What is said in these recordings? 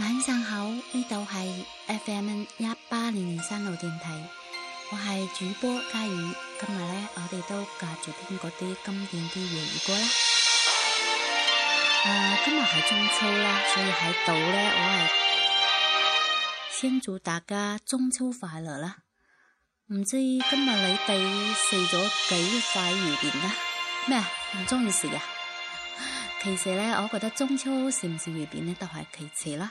晚上好，呢度係 FM 一八零零三路電台。我係主播嘉宇，今日咧我哋都隔住啲嗰啲經典啲粵語歌啦。啊，今日係中秋啦，所以喺度咧我係先祝大家中秋快樂啦。唔知今日你哋食咗幾塊月餅啦？咩唔中意食啊？其實咧，我覺得中秋食唔食月餅咧都係其次啦。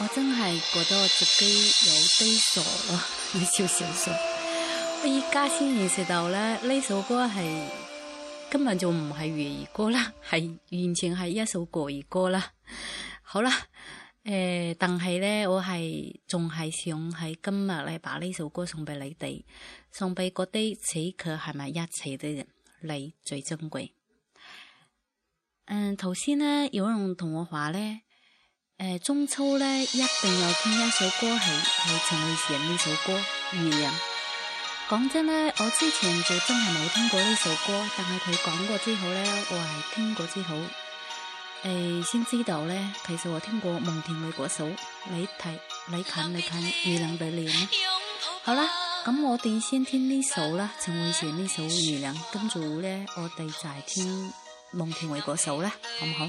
我真係覺得我自己有啲傻咯，有少少傻歌歌、呃。我依家先認識到咧，呢首歌係根本就唔係粵語歌啦，係完全係一首國語歌啦。好啦，誒，但係咧，我係仲係想喺今日呢，把呢首歌送俾你哋，送俾嗰啲此刻係咪一切的人，你最珍貴。嗯，頭先咧有人同我話咧。誒、呃，中秋咧一定要聽一首歌，係係陳慧嫻呢首歌《月亮》。講真咧，我之前就真係冇聽過呢首歌，但係佢講過之後咧，我係聽過之後，誒、呃，先知道咧。其實我聽過孟庭葦嗰首，你睇，你近，你近《月亮》未嚟好啦，咁我哋先聽呢首啦，陳慧嫻呢首《月亮》，跟住咧，我哋就係聽孟庭葦嗰首啦，好唔好？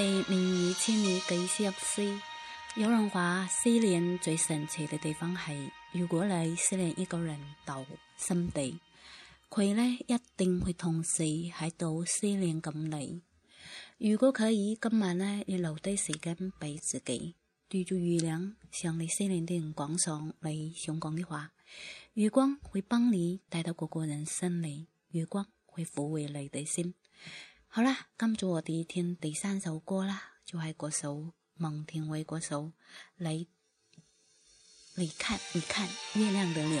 被明月千里寄相思。有人話，思念最神奇嘅地方係，如果你思念一個人到心底，佢呢一定會同時喺度思念緊你。如果可以，今晚呢要留低時間俾自己，對住月亮，向你思念的人講上你想講的話。月光會幫你帶到嗰個，個人心裏，月光會撫慰你的心。好啦，今早我哋聽第三首歌啦，就係嗰首孟庭葦嗰首《你你看你看月亮的臉》。